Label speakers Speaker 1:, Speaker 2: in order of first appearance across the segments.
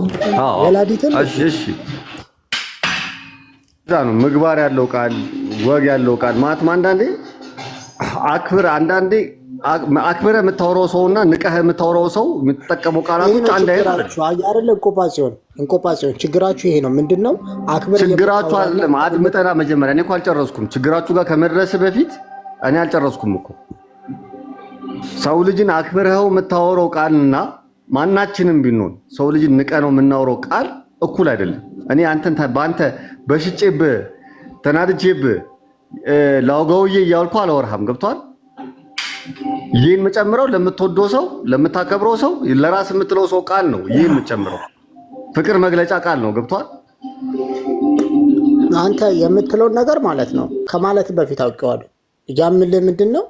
Speaker 1: ነው ምግባር ያለው ቃል፣ ወግ ያለው ቃል ማለትም አንዳንዴ አክብር አንዳንዴ
Speaker 2: አክብረ የምታወራው
Speaker 1: ሰው እና ንቀህ
Speaker 2: የምታወራው ሰው የምትጠቀመው ቃላቶች አንድ አይነት
Speaker 1: አይደለ። እንቆጳጽዮን እንቆጳጽዮን ችግራችሁ ይሄ ነው። ምንድን
Speaker 2: ነው አክብረ ችግራችሁ አይደለም። አድምጠና መጀመሪያ
Speaker 1: እኔ እኮ አልጨረስኩም። ችግራችሁ ጋር ከመድረስ በፊት እኔ አልጨረስኩም እኮ ሰው ልጅን አክብረኸው የምታወራው
Speaker 2: ቃልና ማናችንም ቢሆን ሰው ልጅ ንቀ ነው የምናውረው ቃል እኩል
Speaker 1: አይደለም። እኔ
Speaker 2: አንተን በአንተ
Speaker 1: በሽጭብ ተናድጅብ
Speaker 2: ላውጋውዬ እያልኩ
Speaker 1: አላወራህም። ገብቷል? ይህን
Speaker 2: የምጨምረው ለምትወደው ሰው ለምታከብረው ሰው ለራስ የምትለው ሰው ቃል ነው። ይህ የምጨምረው ፍቅር መግለጫ ቃል ነው።
Speaker 1: ገብቷል? አንተ የምትለውን ነገር ማለት ነው ከማለት
Speaker 2: በፊት አውቄዋለሁ።
Speaker 1: ያምልህ ምንድን
Speaker 2: ነው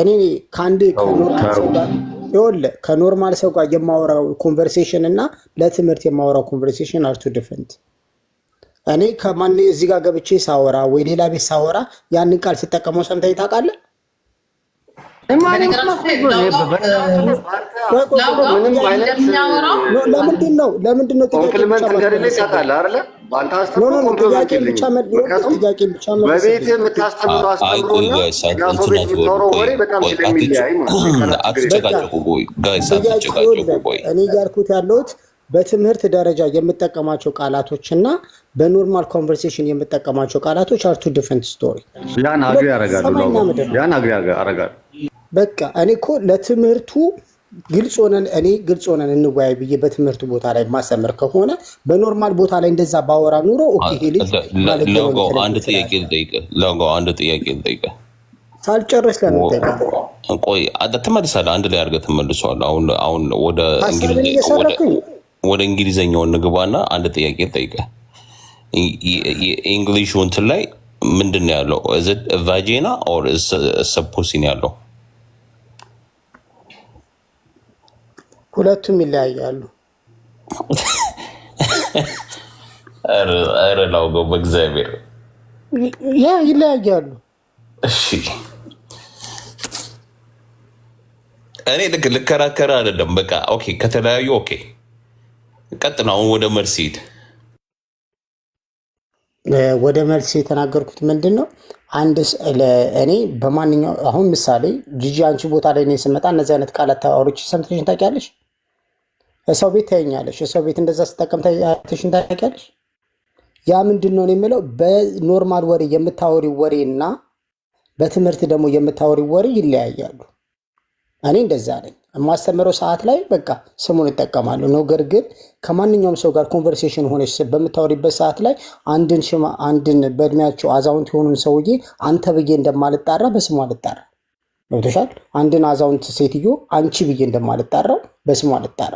Speaker 2: እኔ ከአንድ ጋር ይኸውልህ ከኖርማል ሰው ጋር የማወራው
Speaker 1: ኮንቨርሴሽን እና ለትምህርት የማወራው ኮንቨርሴሽን አርቱ
Speaker 2: ዲፍረንት። እኔ ከማን እዚህ ጋር
Speaker 1: ገብቼ ሳወራ ወይ ሌላ ቤት ሳወራ ያንን ቃል ስጠቀመው ሰምተኸኝ
Speaker 2: ታውቃለህ? እያልኩት ያለሁት በትምህርት ደረጃ
Speaker 1: የምጠቀማቸው ቃላቶች እና በኖርማል ኮንቨርሴሽን የምጠቀማቸው ቃላቶች አርቱ
Speaker 2: ዲፍረንት ስቶሪ ያን
Speaker 1: አግሪ ያረጋሉ ያን አግሪ ያረጋሉ በቃ እኔ እኮ ለትምህርቱ ግልጽ ሆነን እኔ ግልጽ ሆነን እንወያይ ብዬ በትምህርቱ ቦታ ላይ ማሰምር ከሆነ በኖርማል ቦታ
Speaker 2: ላይ እንደዛ ባወራ
Speaker 1: ኑሮ ይሄ አንድ
Speaker 2: ጥያቄ ልጠይቅህ፣ አንድ ጥያቄ ልጠይቅህ
Speaker 1: ሳልጨርስ ለምጠይቅ ቆይ
Speaker 2: ትመልሳለህ። አንድ ላይ
Speaker 1: አድርገህ ትመልሰዋለህ። አሁን ወደ ወደ እንግሊዘኛውን ንግባና አንድ
Speaker 2: ጥያቄ ልጠይቅህ። የእንግሊሹ ውንትን ላይ ምንድን ነው ያለው? ቫጄና ኦር ፑሲ ያለው? ሁለቱም ይለያያሉ። ኧረ
Speaker 1: ላውገው በእግዚአብሔር
Speaker 2: ያ ይለያያሉ። እሺ እኔ
Speaker 1: ልክ ልከራከር አይደለም። በቃ ኦኬ፣ ከተለያዩ ኦኬ፣ ቀጥና አሁን ወደ መልስ ሂድ። ወደ
Speaker 2: መልስ የተናገርኩት ምንድን
Speaker 1: ነው? አንድ እኔ
Speaker 2: በማንኛው አሁን
Speaker 1: ምሳሌ ጂጂ አንቺ ቦታ ላይ እኔ ስመጣ እነዚህ አይነት ቃላት
Speaker 2: ተባሮች ሰምተሽን ታውቂያለሽ? እሰው ቤት ታይኛለሽ። ሰው ቤት እንደዛ ስጠቀም ታይሽን ታውቂያለሽ። ያ ምንድን ነው የሚለው በኖርማል ወሬ የምታወሪ ወሬ እና በትምህርት
Speaker 1: ደግሞ የምታወሪ ወሬ ይለያያሉ። እኔ እንደዛ ነኝ። የማስተምረው ሰዓት ላይ በቃ ስሙን እጠቀማለሁ። ነገር ግን ከማንኛውም ሰው ጋር
Speaker 2: ኮንቨርሴሽን ሆነች በምታወሪበት ሰዓት
Speaker 1: ላይ አንድን ሽማ አንድን በእድሜያቸው አዛውንት
Speaker 2: የሆኑን ሰውዬ አንተ
Speaker 1: ብዬ እንደማልጣራ በስሙ አልጣራ ገብቶሻል። አንድን አዛውንት ሴትዮ አንቺ ብዬ እንደማልጣራ በስሙ
Speaker 2: አልጣራ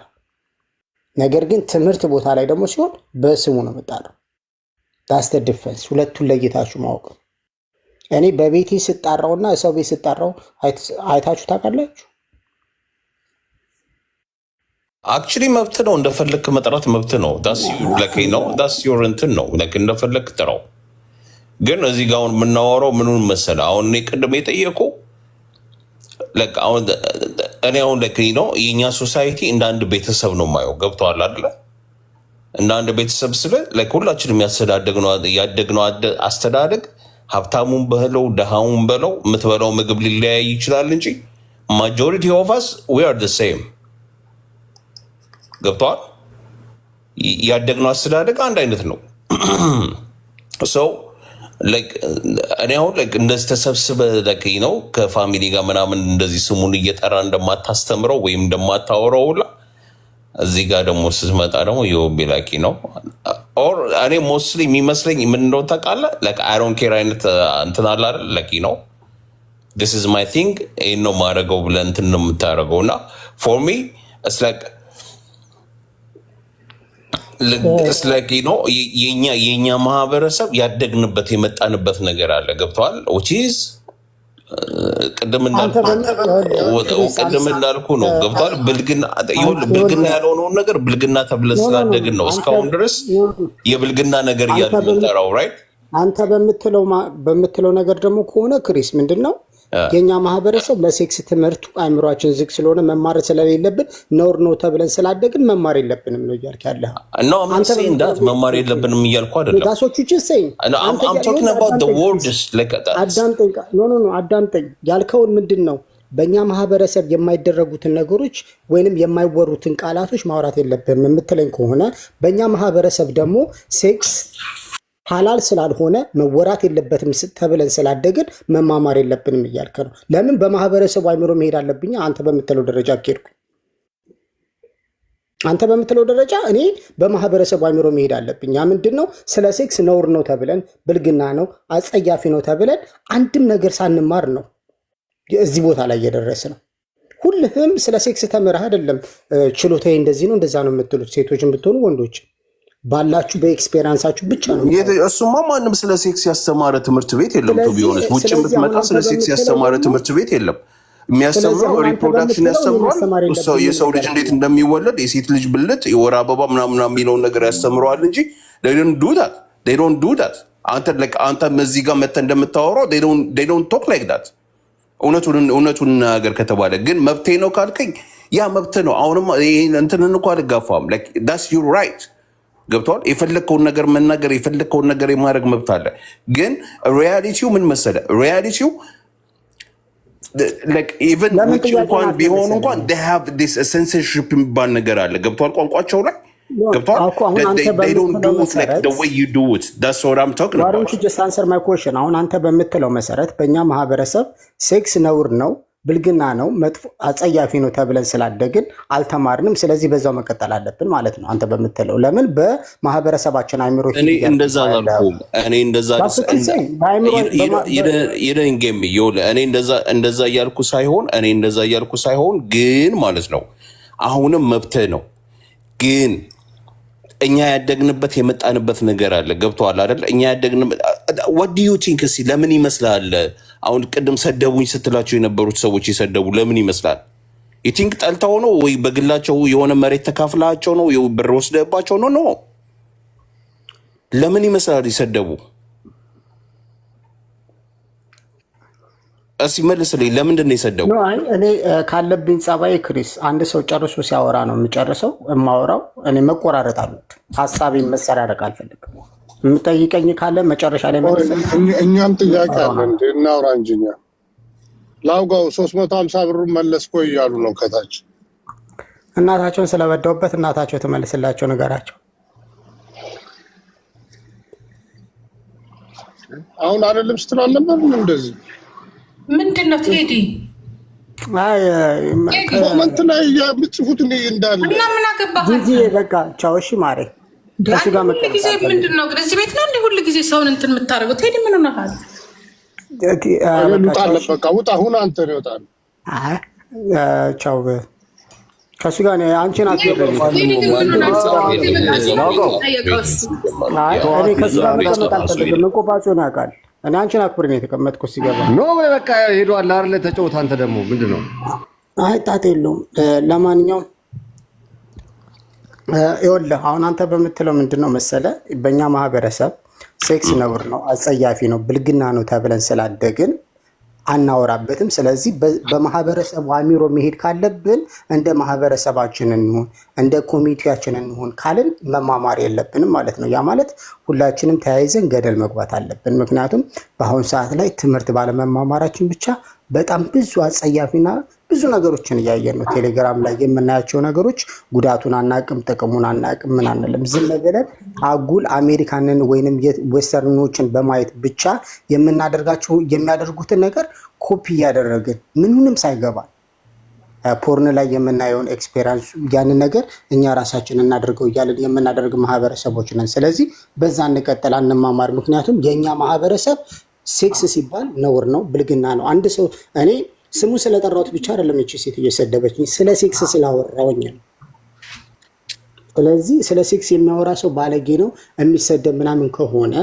Speaker 2: ነገር ግን ትምህርት ቦታ ላይ ደግሞ ሲሆን በስሙ ነው የምጣለው። ዳስተ
Speaker 1: ዲፈንስ ሁለቱን ለይታችሁ ማወቅ። እኔ በቤቴ ና ሰው ቤት ስጣራው
Speaker 2: አይታችሁ ታውቃላችሁ? አክቹሊ መብት ነው፣ እንደፈለግክ መጥራት መብት ነው። ነው ዳስዩር እንትን
Speaker 1: ነው እንደፈለክ ጥራው። ግን እዚህ ጋር አሁን የምናወራው ምኑን መሰለ አሁን እኔ ቅድም የጠየቁ እኔ አሁን ለክ ነው
Speaker 2: የእኛ ሶሳይቲ እንደ አንድ
Speaker 1: ቤተሰብ ነው የማየው። ገብተዋል
Speaker 2: አይደለ? እንደ አንድ ቤተሰብ ስለ ሁላችን ነው አስተዳደግ ሀብታሙን በለው ድሃውን በለው የምትበላው ምግብ ሊለያይ ይችላል እንጂ ማጆሪቲ ኦፋስ ዊ አር ሴም። ገብተዋል። ያደግነው አስተዳደግ አንድ አይነት ነው ሰው እኔ አሁን እንደዚህ ተሰብስበ ነው ከፋሚሊ ጋር ምናምን እንደዚህ ስሙን እየጠራ እንደማታስተምረው ወይም እንደማታወረው ሁላ እዚህ ጋር ደግሞ ስትመጣ ደግሞ የወቢ ላኪ ነው። እኔ ሞስሊ የሚመስለኝ ምን እንደው ታውቃለህ፣ አይሮን ኬር አይነት uh, እንትን አለ አይደል? ለኪ ነው ዲስ ኢዝ ማይ ቲንግ ይህን ነው ማድረገው ብለህ እንትን ነው የምታደርገው እና ፎር ሚ ስለቂ የኛ የኛ ማህበረሰብ ያደግንበት የመጣንበት ነገር አለ። ገብተዋል ቺዝ uh, ቅድም እንዳልኩ ነው። ገብተዋል ብልግና ያልሆነውን ነገር ብልግና ተብለን ስላደግን ነው እስካሁን ድረስ የብልግና ነገር እያለ የምንጠራው። ራይት አንተ በምትለው ነገር ደግሞ ከሆነ ክሪስ ምንድን ነው የእኛ ማህበረሰብ ለሴክስ ትምህርቱ አይምሯችን ዝግ ስለሆነ መማር ስለሌለብን ነውር ነው ተብለን ስላደግን መማር የለብንም ነው እያልክ ያለህ። እንዳት መማር የለብንም እያልኩ አይደለም። አዳምጠኝ። ያልከውን ምንድን ነው? በእኛ ማህበረሰብ የማይደረጉትን ነገሮች ወይንም የማይወሩትን ቃላቶች ማውራት የለብንም የምትለኝ ከሆነ በእኛ ማህበረሰብ ደግሞ ሴክስ ሀላል ስላልሆነ መወራት የለበትም ተብለን ስላደግን መማማር የለብንም እያልከ ነው። ለምን በማህበረሰቡ አይምሮ መሄድ አለብኝ? አንተ በምትለው ደረጃ ኬድኩ። አንተ በምትለው ደረጃ እኔ በማህበረሰቡ አይምሮ መሄድ አለብኝ። ያ ምንድን ነው? ስለ ሴክስ ነውር ነው ተብለን ብልግና ነው አጸያፊ ነው ተብለን አንድም ነገር ሳንማር ነው እዚህ ቦታ ላይ እየደረስ ነው። ሁልህም ስለ ሴክስ ተምረህ አይደለም ችሎታዬ እንደዚህ ነው እንደዛ ነው የምትሉት ሴቶች ብትሆኑ ወንዶች ባላችሁ በኤክስፔሪንሳችሁ ብቻ ነው። እሱማ ማንም ስለ ሴክስ ያስተማረ ትምህርት ቤት የለም። ቱ ቢሆንስ ውጭ የምትመጣ ስለ ሴክስ ያስተማረ ትምህርት ቤት የለም። የሚያስተምረው ሪፕሮዳክሽን ያስተምረዋል። የሰው ልጅ እንዴት እንደሚወለድ የሴት ልጅ ብልት፣ የወር አበባ ምናምና የሚለውን ነገር ያስተምረዋል እንጂ ዱዳት ዶን ዱዳት አንተ አንተ እዚህ ጋር መተ እንደምታወራው ዶን ቶክ ላይክ ዳት። እውነቱን ነገር ከተባለ ግን መብቴ ነው ካልከኝ ያ መብት ነው። አሁንም እንትን እንኳ አልጋፋም ዳስ ዩ ራይት ገብተዋል። የፈለግከውን ነገር መናገር የፈለግከውን ነገር የማድረግ መብት አለ። ግን ሪያሊቲው ምን መሰለ? ሪያሊቲው ኢቨን ቢሆኑ እንኳን ቢሆን እንኳን ሴንሰርሺፕ የሚባል ነገር አለ። ገብተዋል። ቋንቋቸው ላይ ገብተዋል። አሁን አንተ በምትለው መሰረት በእኛ ማህበረሰብ ሴክስ ነውር ነው ብልግና ነው፣ መጥፎ አጸያፊ ነው ተብለን ስላደግን አልተማርንም። ስለዚህ በዛው መቀጠል አለብን ማለት ነው። አንተ በምትለው ለምን በማህበረሰባችን አይምሮ እኔ እንደዛ ይደንጌም እንደዛ እያልኩ ሳይሆን እኔ እንደዛ እያልኩ ሳይሆን ግን ማለት ነው አሁንም መብትህ ነው ግን እኛ ያደግንበት የመጣንበት ነገር አለ። ገብተዋል አይደል? እኛ ያደግንበት ወድ ዩ ቲንክ እስኪ ለምን ይመስላል? አሁን ቅድም ሰደቡኝ ስትላቸው የነበሩት ሰዎች የሰደቡ ለምን ይመስላል? ቲንክ ጠልተው ነው ወይ በግላቸው የሆነ መሬት ተካፍላቸው ነው ብር ወስደባቸው ነው ነው ለምን ይመስላል ይሰደቡ? እስኪ ላይ ለምንድን ነው የሰደቡ? እኔ ካለብኝ ጸባይ ክሪስ፣ አንድ ሰው ጨርሶ ሲያወራ ነው የምጨርሰው። የማወራው እኔ መቆራረጥ አሉት ሀሳቤን መሰራረቅ አልፈልግም። የምጠይቀኝ ካለ መጨረሻ ላይ እኛም ጥያቄ አለ። እንደ እናውራ እንጂ እኛ ላውጋው ሶስት መቶ ሀምሳ ብሩ መለስ እኮ እያሉ ነው ከታች እናታቸውን ስለበደውበት እናታቸው ትመልስላቸው ነገራቸው። አሁን አይደለም ስትል አልነበርም እንደዚህ ምንድን ነው ቴዲ ኮመንት ላይ የምጽፉት እንዳለ እና ምን አገባህ? በቃ ቻው እሺ ማሬ ሁልጊዜ ምንድን ነው ግን እዚህ ቤት ነው ሰውን እንትን የምታደርገው? ቴዲ ምን ውጣ። አሁን አንተ ይወጣል። ቻው ከሱ ጋር አንቺን ከሱ ጋር መቀመጥ አልፈልግም። ያውቃል። እኔ አንቺን አክብር ነው የተቀመጥኩ። ሲገባ ኖ በቃ ሄዷል። ተጫወት። አንተ ደግሞ ምንድን ነው? አይ የለውም። ለማንኛውም ይኸውልህ አሁን አንተ በምትለው ምንድን ነው መሰለ፣ በእኛ ማህበረሰብ ሴክስ ነውር ነው፣ አጸያፊ ነው፣ ብልግና ነው ተብለን ስላደግን አናወራበትም። ስለዚህ በማህበረሰቡ አሚሮ መሄድ ካለብን እንደ ማህበረሰባችን እንሁን፣ እንደ ኮሚቴያችን እንሁን ካልን መማማር የለብንም ማለት ነው። ያ ማለት ሁላችንም ተያይዘን ገደል መግባት አለብን። ምክንያቱም በአሁኑ ሰዓት ላይ ትምህርት ባለመማማራችን ብቻ በጣም ብዙ አጸያፊና ብዙ ነገሮችን እያየን ነው። ቴሌግራም ላይ የምናያቸው ነገሮች ጉዳቱን አናቅም፣ ጥቅሙን አናቅም። ምን አንልም። ዝም ብለን አጉል አሜሪካንን ወይንም ዌስተርኖችን በማየት ብቻ የምናደርጋቸው የሚያደርጉትን ነገር ኮፒ እያደረግን ምንንም ሳይገባ ፖርን ላይ የምናየውን ኤክስፔሪንስ ያንን ነገር እኛ ራሳችን እናደርገው እያለን የምናደርግ ማህበረሰቦች ነን። ስለዚህ በዛ እንቀጥል፣ አንማማር። ምክንያቱም የእኛ ማህበረሰብ ሴክስ ሲባል ነውር ነው፣ ብልግና ነው። አንድ ሰው እኔ ስሙ ስለጠራሁት ብቻ አይደለም እቺ ሴት እየሰደበች ስለ ሴክስ ስላወራውኝ ነው። ስለዚህ ስለ ሴክስ የሚያወራ ሰው ባለጌ ነው የሚሰደብ ምናምን ከሆነ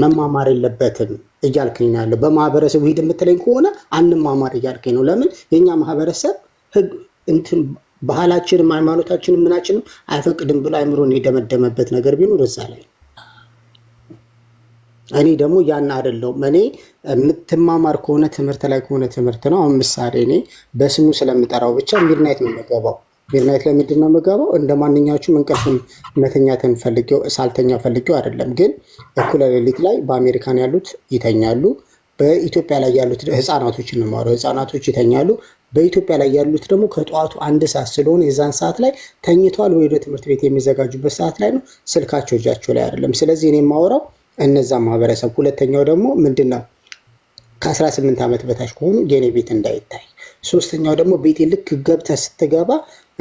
Speaker 2: መማማር የለበትም እያልከኝ ነው ያለው። በማህበረሰቡ ሂድ የምትለኝ ከሆነ አንማማር እያልከኝ ነው። ለምን የኛ ማህበረሰብ ህግ እንትን ባህላችንም ሃይማኖታችንም ምናችንም አይፈቅድም ብሎ አይምሮን የደመደመበት ነገር ቢኖር እዛ ላይ እኔ ደግሞ ያን አይደለሁም። እኔ የምትማማር ከሆነ ትምህርት ላይ ከሆነ ትምህርት ነው። አሁን ምሳሌ እኔ በስሙ ስለምጠራው ብቻ ሚድናይት ነው የምገባው። ሚድናይት ላይ ምንድን ነው የምገባው? እንደ ማንኛችሁም እንቅልፍ መተኛትን ፈልጌው ሳልተኛ ፈልጌው አይደለም። ግን እኩለ ሌሊት ላይ በአሜሪካን ያሉት ይተኛሉ። በኢትዮጵያ ላይ ያሉት ህፃናቶች እንማሩ ህፃናቶች ይተኛሉ። በኢትዮጵያ ላይ ያሉት ደግሞ ከጠዋቱ አንድ ሰዓት ስለሆነ የዛን ሰዓት ላይ ተኝተዋል ወይ ወደ ትምህርት ቤት የሚዘጋጁበት ሰዓት ላይ ነው። ስልካቸው እጃቸው ላይ አይደለም። ስለዚህ እኔ የማወራው እነዛ ማህበረሰብ። ሁለተኛው ደግሞ ምንድን ነው ከ18 ዓመት በታች ከሆኑ የኔ ቤት እንዳይታይ። ሶስተኛው ደግሞ ቤቴ ልክ ገብተህ ስትገባ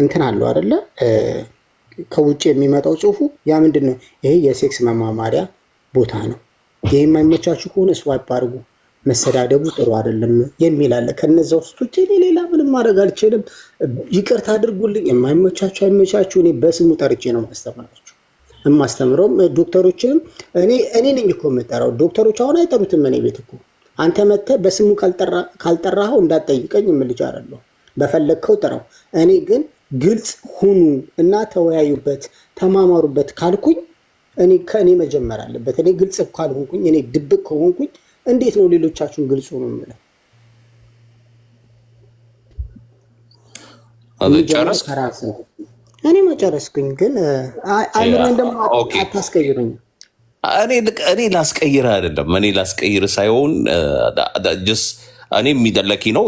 Speaker 2: እንትን አለው አይደለ ከውጭ የሚመጣው ጽሁፉ ያ ምንድን ነው ይሄ የሴክስ መማማሪያ ቦታ ነው። ይህ የማይመቻችሁ ከሆነ ስዋይፕ አድርጉ። መሰዳደቡ ጥሩ አይደለም የሚል አለ። ከነዚ እኔ ሌላ ምንም ማድረግ አልችልም። ይቅርታ አድርጉልኝ። የማይመቻችሁ አይመቻችሁ። እኔ በስሙ ጠርቼ ነው ማስተምራቸው። የማስተምረውም ዶክተሮችንም እኔ ነኝ እኮ የምጠራው። ዶክተሮች አሁን አይጠሩትም። እኔ ቤት እኮ አንተ መጥተህ በስሙ ካልጠራኸው እንዳትጠይቀኝ የምልጅ አለሁ። በፈለግከው ጥራው። እኔ ግን ግልጽ ሁኑ እና ተወያዩበት፣ ተማማሩበት ካልኩኝ እኔ ከእኔ መጀመር አለበት። እኔ ግልጽ ካልሆንኩኝ፣ እኔ ድብቅ ከሆንኩኝ እንዴት ነው ሌሎቻችሁን ግልጽ ሆኑ የምለው? ጨረስክ? እኔ መጨረስኩኝ፣ ግን አይምሮን ደግሞ አታስቀይሩኝ። እኔ እኔ ላስቀይር አይደለም፣ እኔ ላስቀይር ሳይሆን ስ እኔ የሚደለኪ ነው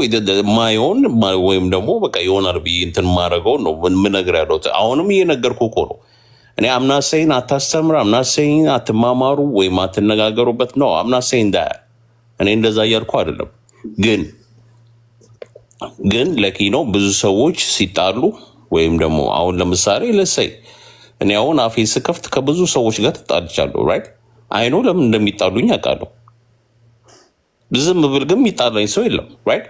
Speaker 2: ማየውን ወይም ደግሞ በቃ ይሆናል ብዬ እንትን ማድረገውን ነው ምነግር ያለት። አሁንም እየነገርኩ እኮ ነው። እኔ አምናሰይን አታስተምር፣ አምናሰይን አትማማሩ ወይም አትነጋገሩበት ነው አምናሰይን እንዳ እኔ እንደዛ እያልኩ አይደለም። ግን ግን ለኪ ነው ብዙ ሰዎች ሲጣሉ ወይም ደግሞ አሁን ለምሳሌ ለሰይ እኔ አሁን አፌ ስከፍት ከብዙ ሰዎች ጋር ተጣልቻለሁ። ራይት አይኖ ለምን እንደሚጣሉኝ አውቃለሁ። ዝም ብል ግን የሚጣላኝ ሰው የለም። ራይት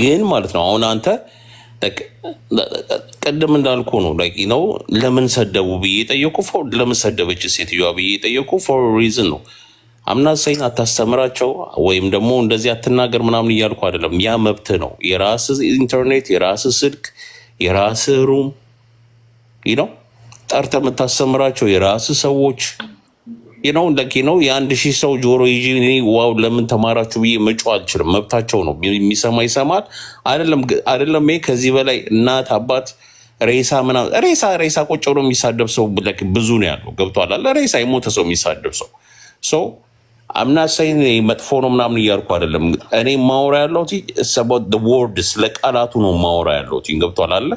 Speaker 2: ግን ማለት ነው አሁን አንተ ቅድም እንዳልኩ ነው ነው ለምን ሰደቡ ብዬ የጠየቁ ለምን ሰደበች ሴትዮዋ ብዬ የጠየቁ ፎር ሪዝን ነው አምና ሰይን አታስተምራቸው ወይም ደግሞ እንደዚህ አትናገር ምናምን እያልኩ አይደለም። ያ መብት ነው። የራስ ኢንተርኔት የራስ ስልክ የራስ ሩም ነው ጠርተ የምታሰምራቸው የራስ ሰዎች ነው ለኪ ነው። የአንድ ሺህ ሰው ጆሮ ይዤ እኔ ዋው ለምን ተማራችሁ ብዬ መጮ አልችልም። መብታቸው ነው። የሚሰማ ይሰማል። አይደለም ከዚህ በላይ እናት አባት ሬሳ ምናምን ሬሳ ሬሳ ቆጭ ብሎ የሚሳደብ ሰው ብዙ ነው ያለው። ገብቶሃል? ሬሳ የሞተ ሰው የሚሳደብ ሰው አምና አምናሳይ መጥፎ ነው ምናምን እያልኩ አይደለም። እኔ ማወራ ያለሁት ሰባት ወርድ ስለ ቃላቱ ነው ማወራ ያለሁት። ገብቷል አለ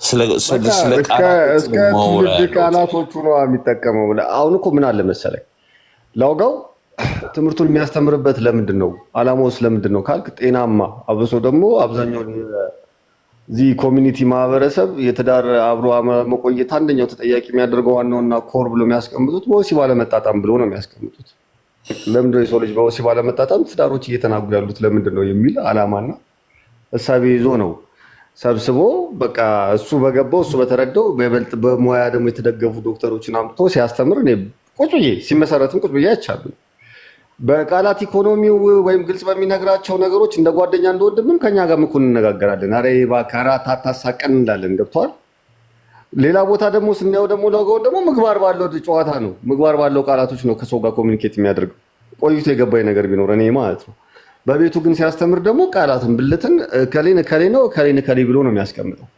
Speaker 2: እስከ ትውልድ ቃላቶቹ ነው የሚጠቀመው። አሁን እኮ ምን አለ መሰለኝ ላውጋው ትምህርቱን የሚያስተምርበት ለምንድን ነው አላማው ስለምንድን ነው ካልክ ጤናማ አብሶ ደግሞ አብዛኛው እዚህ ኮሚኒቲ ማህበረሰብ የትዳር አብሮ መቆየት አንደኛው ተጠያቂ የሚያደርገው ዋናውና ኮር ብሎ የሚያስቀምጡት ወሲብ አለመጣጣም ብሎ ነው የሚያስቀምጡት። ለምንድነው የሰው ልጅ በወሲብ አለመጣጣም ትዳሮች እየተናጉ ያሉት ለምንድን ነው የሚል አላማና እሳቤ ይዞ ነው ሰብስቦ በቃ እሱ በገባው እሱ በተረዳው በበልጥ በሙያ ደግሞ የተደገፉ ዶክተሮችን አምጥቶ ሲያስተምር እኔ ቁጭ ብዬ ሲመሰረትም ቁጭ ብዬ አይቻሉኝ። በቃላት ኢኮኖሚው ወይም ግልጽ በሚነግራቸው ነገሮች እንደ ጓደኛ እንደወንድምም ከኛ ጋር ምኩን እንነጋገራለን። ኧረ እባክህ አራት አታሳቀን እንዳለን ገብተዋል። ሌላ ቦታ ደግሞ ስናየው ደግሞ ለጎን ደግሞ ምግባር ባለው ጨዋታ ነው፣ ምግባር ባለው ቃላቶች ነው ከሰው ጋር ኮሚኒኬት የሚያደርገው። ቆይቶ የገባኝ ነገር ቢኖር እኔ ማለት ነው። በቤቱ ግን ሲያስተምር ደግሞ ቃላትን ብልትን እከሌን እከሌ ነው እከሌን እከሌ ብሎ ነው የሚያስቀምጠው።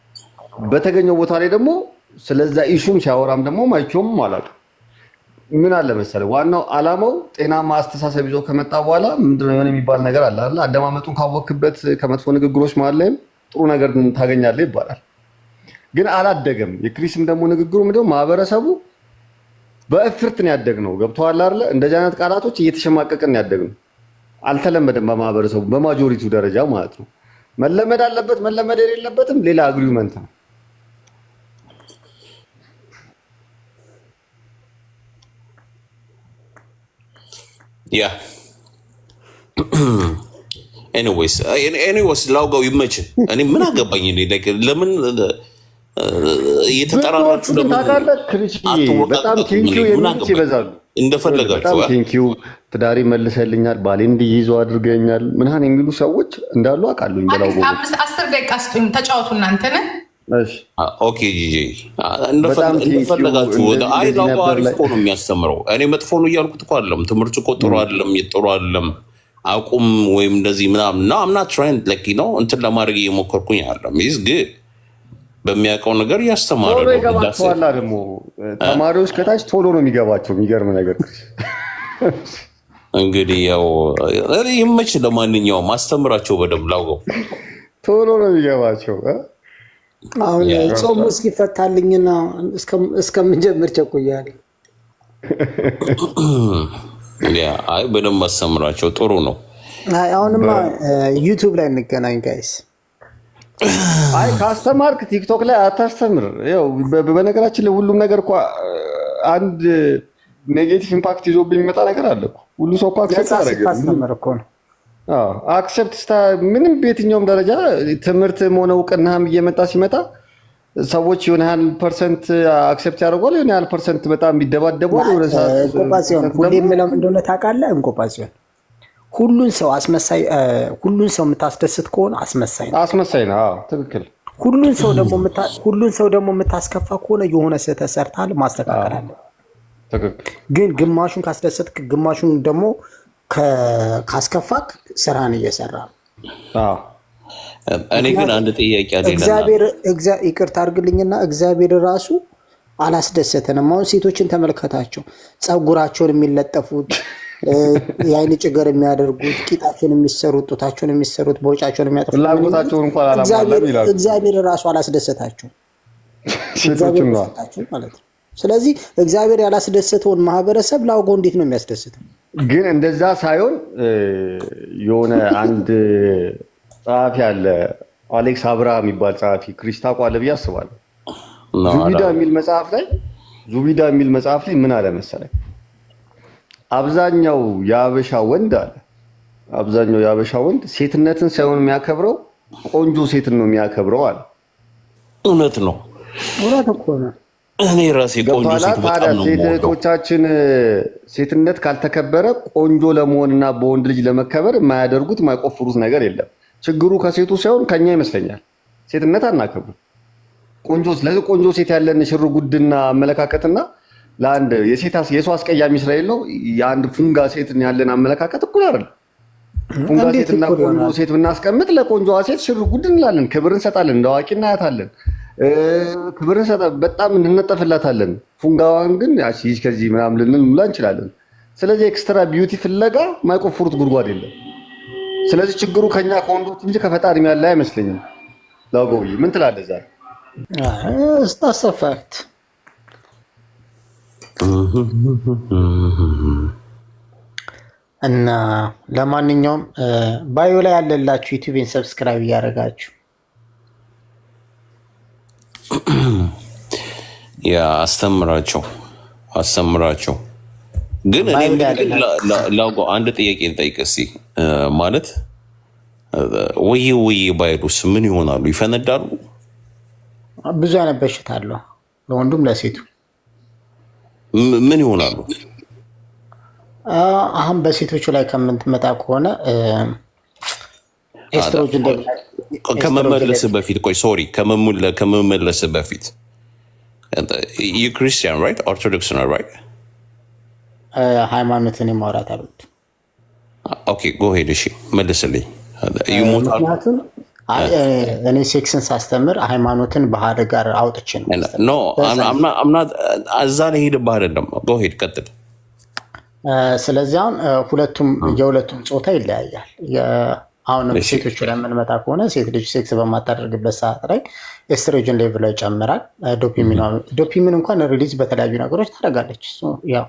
Speaker 2: በተገኘው ቦታ ላይ ደግሞ ስለዛ ኢሹም ሲያወራም ደግሞ ማይቸውም አላውቅም። ምን አለ መሰለህ ዋናው አላማው ጤናማ አስተሳሰብ ይዞ ከመጣ በኋላ ምንድነው የሆነ የሚባል ነገር አለ አደማመጡን ካወክበት ከመጥፎ ንግግሮች መሀል ላይም ጥሩ ነገር ታገኛለህ ይባላል። ግን አላደገም። የክሪስም ደግሞ ንግግሩ ምንድነው? ማህበረሰቡ በእፍርት ነው ያደግነው። ገብተዋል አለ እንደዚህ አይነት ቃላቶች እየተሸማቀቅን ያደግነው አልተለመደም፣ በማህበረሰቡ በማጆሪቲው ደረጃ ማለት ነው። መለመድ አለበት። መለመድ የሌለበትም ሌላ አግሪመንት ነው። ያ ኤኒዌይስ ኤኒዌይስ eh, ላውጋው ይመችህ። እኔ ምን አገባኝ ለምን እየተጠራራችሁ እንደፈለጋችሁ ቴንኪዩ ትዳሪ መልሰልኛል፣ ባሌ እንዲይዘው አድርገኛል ምናምን የሚሉ ሰዎች እንዳሉ አውቃለሁ። አስር ደቂቃ ስጡኝ፣ ተጫወቱ እናንተ ነህ ኦኬ ጂጂ እንደፈለጋችሁ አይ ላውቀው አሪፍ እኮ ነው የሚያስተምረው። እኔ መጥፎ ነው እያልኩት እኮ አለም ትምህርት እኮ ጥሩ አለም የጥሩ አለም አቁም ወይም እንደዚህ ምናምን ነው። አምና ትራይንድ ለኪ ነው እንትን ለማድረግ እየሞከርኩኝ አለም ይዝ ግን በሚያውቀው ነገር እያስተማረ ነው። ደግሞ ተማሪዎች ከታች ቶሎ ነው የሚገባቸው። የሚገርም ነገር እንግዲህ ያው ይመች። ለማንኛውም አስተምራቸው በደምብ ላውቀው ቶሎ ነው የሚገባቸው። አሁን ጾሙ እስኪፈታልኝና እስከምንጀምር ቸኩያል። አይ በደምብ አስተምራቸው። ጥሩ ነው። አሁንማ ዩቱብ ላይ እንገናኝ ጋይስ። አይ ካስተማርክ ቲክቶክ ላይ አታስተምር። ያው በነገራችን ላይ ሁሉም ነገር እኮ አንድ ኔጌቲቭ ኢምፓክት ይዞብኝ የሚመጣ ነገር አለ ሁሉ ሰው እኮ አክሰፕት አደረገ እኮ ነው። አክሰፕት ስታ ምንም በየትኛውም ደረጃ ትምህርትም ሆነ እውቅናህም እየመጣ ሲመጣ ሰዎች የሆነ ያህል ፐርሰንት አክሰፕት ያደርጓል፣ የሆነ ያህል ፐርሰንት በጣም ይደባደቧል። ሆነ ሲሆን እንቆጳጽዮን ሁሌ የምለው እንደሆነ ታውቃለህ ሲሆን ሁሉን ሰው አስመሳይ ሁሉን ሰው የምታስደስት ከሆነ አስመሳይ ነው። አስመሳይ ነው። አዎ ትክክል። ሁሉን ሰው ደግሞ ሁሉን ሰው ደግሞ የምታስከፋ ከሆነ የሆነ ስህተት ሰርተሃል፣ ማስተካከል አለ። ግን ግማሹን ካስደሰትክ፣ ግማሹን ደግሞ ካስከፋክ ስራን እየሰራ እኔ ግን አንድ ጥያቄ ይቅርታ አድርግልኝና እግዚአብሔር ራሱ አላስደሰተንም። አሁን ሴቶችን ተመልከታቸው፣ ፀጉራቸውን የሚለጠፉት የአይን ጭገር የሚያደርጉት ቂጣቸውን የሚሰሩት ጡታቸውን የሚሰሩት በውጫቸውን የሚያጠፉት እግዚአብሔር ራሱ አላስደሰታቸው ማለት ነው። ስለዚህ እግዚአብሔር ያላስደሰተውን ማህበረሰብ ላውጎ እንዴት ነው የሚያስደስተው? ግን እንደዛ ሳይሆን የሆነ አንድ ጸሐፊ አለ አሌክስ አብርሃ የሚባል ጸሐፊ ክሪስታ ቋለ ብዬ አስባለሁ። ዙቢዳ የሚል መጽሐፍ ላይ ዙቢዳ የሚል መጽሐፍ ላይ ምን አለ መሰለኝ አብዛኛው የአበሻ ወንድ አለ አብዛኛው የአበሻ ወንድ ሴትነትን ሳይሆን የሚያከብረው ቆንጆ ሴትን ነው የሚያከብረው አለ። እውነት ነው። እኔ ራሴ ቆንጆ ሴት በጣም ነው ሴቶቻችን ሴትነት ካልተከበረ ቆንጆ ለመሆንና በወንድ ልጅ ለመከበር የማያደርጉት የማይቆፍሩት ነገር የለም። ችግሩ ከሴቱ ሳይሆን ከኛ ይመስለኛል። ሴትነት አናከብርም ቆንጆ ቆንጆ ሴት ያለን ሽር ጉድና አመለካከትና ለአንድ የሴት የሰው አስቀያሚ ስራ የለው። የአንድ ፉንጋ ሴትን ያለን አመለካከት እኩል አይደለም። ፉንጋ ሴትና ቆንጆ ሴት ብናስቀምጥ ለቆንጆዋ ሴት ሽር ጉድ እንላለን፣ ክብር እንሰጣለን፣ እንደ አዋቂ እናያታለን፣ ክብር በጣም እንነጠፍላታለን። ፉንጋዋን ግን ይህ ከዚህ ምናምን ልንል ሙላ እንችላለን። ስለዚህ ኤክስትራ ቢዩቲ ፍለጋ ማይቆፍሩት ጉድጓድ የለም። ስለዚህ ችግሩ ከኛ ከወንዶች እንጂ ከፈጣሪ ያለ አይመስለኝም። ላጎብይ ምን ትላለህ? ዛሬ ስታሰፋት እና ለማንኛውም ባዮ ላይ ያለላችሁ ዩቲዩብን ሰብስክራይብ እያደረጋችሁ ያ አስተምራቸው አስተምራቸው። ግን ላውቆ አንድ ጥያቄ ልጠይቅ እስኪ። ማለት ወይ ወይ ባይሉስ ምን ይሆናሉ? ይፈነዳሉ? ብዙ አይነት በሽታ አለው ለወንዱም ለሴቱ ምን ይሆናሉ? አሁን በሴቶቹ ላይ ከምትመጣ ከሆነ ከመመለስ በፊት ቆይ ሶሪ ከመመለስ በፊት ዩ ክርስቲያን ራይት ኦርቶዶክስ ነው ራይት ሃይማኖትን የማውራት አሉት። ኦኬ ጎሄድ እሺ መልስልኝ። እኔ ሴክስን ሳስተምር ሃይማኖትን ባህር ጋር አውጥቼ ነው። እዛ አይደለም። ሄድ ቀጥል። ስለዚህ አሁን ሁለቱም የሁለቱም ፆታ ይለያያል። አሁን ሴቶቹ ላይ የምንመጣ ከሆነ ሴት ልጅ ሴክስ በማታደርግበት ሰዓት ላይ ኤስትሮጅን ሌቭል ላይ ይጨምራል። mm-hmm. ዶፒሚን እንኳን ሪሊዝ በተለያዩ ነገሮች ታደርጋለች። ያው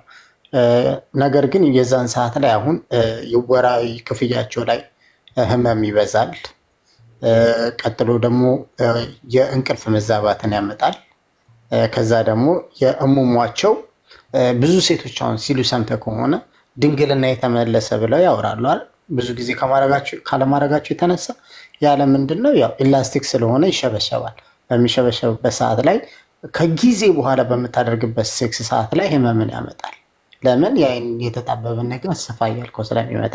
Speaker 2: ነገር ግን የዛን ሰዓት ላይ አሁን የወራዊ ክፍያቸው ላይ ህመም ይበዛል። ቀጥሎ ደግሞ የእንቅልፍ መዛባትን ያመጣል። ከዛ ደግሞ የእሙሟቸው ብዙ ሴቶች አሁን ሲሉ ሰምተ ከሆነ ድንግልና የተመለሰ ብለው ያወራሉ። ብዙ ጊዜ ካለማድረጋቸው የተነሳ ያለ ምንድን ነው ያው ኢላስቲክ ስለሆነ ይሸበሸባል። በሚሸበሸብበት ሰዓት ላይ ከጊዜ በኋላ በምታደርግበት ሴክስ ሰዓት ላይ ህመምን ያመጣል። ለምን ያን የተጣበበ ነገር ሰፋ እያልከው ስለሚመጣ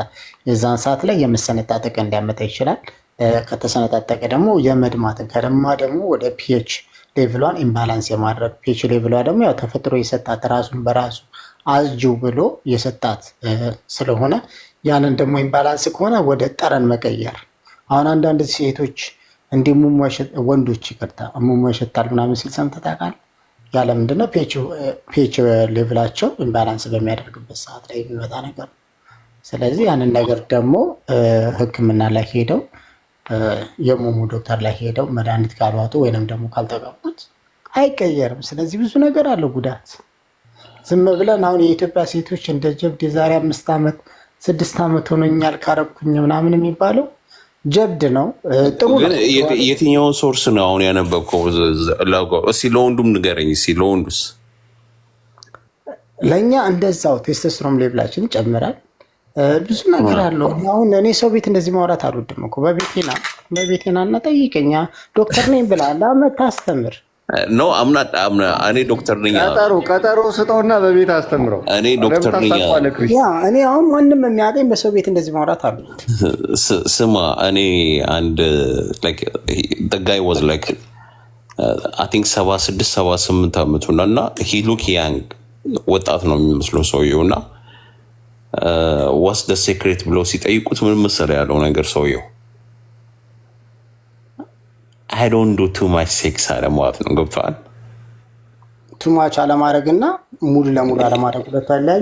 Speaker 2: የዛን ሰዓት ላይ የመሰነጣጠቅ እንዲያመጣ ይችላል። ከተሰነጣጠቀ ደግሞ የመድማትን ከደማ ደግሞ ወደ ፒኤች ሌቭሏን ኢምባላንስ የማድረግ ፒኤች ሌቭሏ ደግሞ ያው ተፈጥሮ የሰጣት ራሱን በራሱ አዝጂው ብሎ የሰጣት ስለሆነ ያንን ደግሞ ኢምባላንስ ከሆነ ወደ ጠረን መቀየር። አሁን አንዳንድ ሴቶች እንዲህ ወንዶች ይቅርታ ሙሙ ይሸታል ምናምን ሲል ሰምተህ ታውቃለህ? ያለ ምንድነው ነው ፒኤች ሌቭላቸው ኢምባላንስ በሚያደርግበት ሰዓት ላይ የሚመጣ ነገር ነው። ስለዚህ ያንን ነገር ደግሞ ሕክምና ላይ ሄደው የሞሙ ዶክተር ላይ ሄደው መድኃኒት ካልዋጡ ወይንም ደግሞ ካልተቀቡት አይቀየርም። ስለዚህ ብዙ ነገር አለው ጉዳት። ዝም ብለን አሁን የኢትዮጵያ ሴቶች እንደ ጀብድ የዛሬ አምስት ዓመት ስድስት ዓመት ሆኖኛል ካረብኩኝ ምናምን የሚባለው ጀብድ ነው። ጥሩ የትኛውን ሶርስ ነው አሁን ያነበብከው? እስኪ ለወንዱም ንገረኝ። ለወንዱስ ለእኛ እንደዛው ቴስቶስትሮን ሌብላችን ይጨምራል። ብዙ ነገር አለው። አሁን እኔ ሰው ቤት እንደዚህ ማውራት አልወድም እኮ በቤቴና በቤቴና እና ጠይቀኛ ዶክተር ነኝ ብላ ለአመት አስተምር ኖ አምናት እኔ ዶክተር ነኝ ቀጠሮ ቀጠሮ ስጠውና በቤት አስተምረው እኔ ዶክተር ነኝ እኔ አሁን ማንም የሚያገኝ በሰው ቤት እንደዚህ ማውራት አሉ ስማ እኔ አንድ ጋይ ወዝ ላይክ አይ ቲንክ ሰባ ስድስት ሰባ ስምንት አመቱ እና ሂ ሉክ ያንግ ወጣት ነው የሚመስለው ሰውየው እና ዋስ ደ ሴክሬት ብለው ሲጠይቁት ምን መሰለ ያለው ነገር ሰውየው አይ ዶንት ዱ ቱ ማች ሴክስ አለ ማለት ነው። ገብተዋል። ቱማች አለማድረግ እና ሙሉ ለሙሉ አለማድረግ ሁለቱ ላይ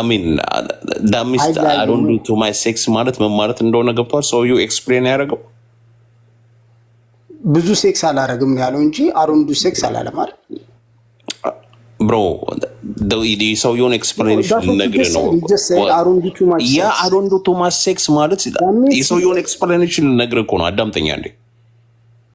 Speaker 2: አሚን ዳሚስ አዶንዱ ቱማይ ሴክስ ማለት ምን ማለት እንደሆነ ገብቷል። ሰውየው ኤክስፕሌን ያደረገው ብዙ ሴክስ አላረግም ያለው እንጂ አሮንዱ ሴክስ አላለማድረግ ብሮ ሰውየውን ኤክስፕላኔሽን ነግር ነው። ያ አይ ዶንት ዱ ቱ ማች ሴክስ ማለት የሰውየውን ኤክስፕላኔሽን ልነግርህ እኮ ነው። አዳምጠኛ እንዴ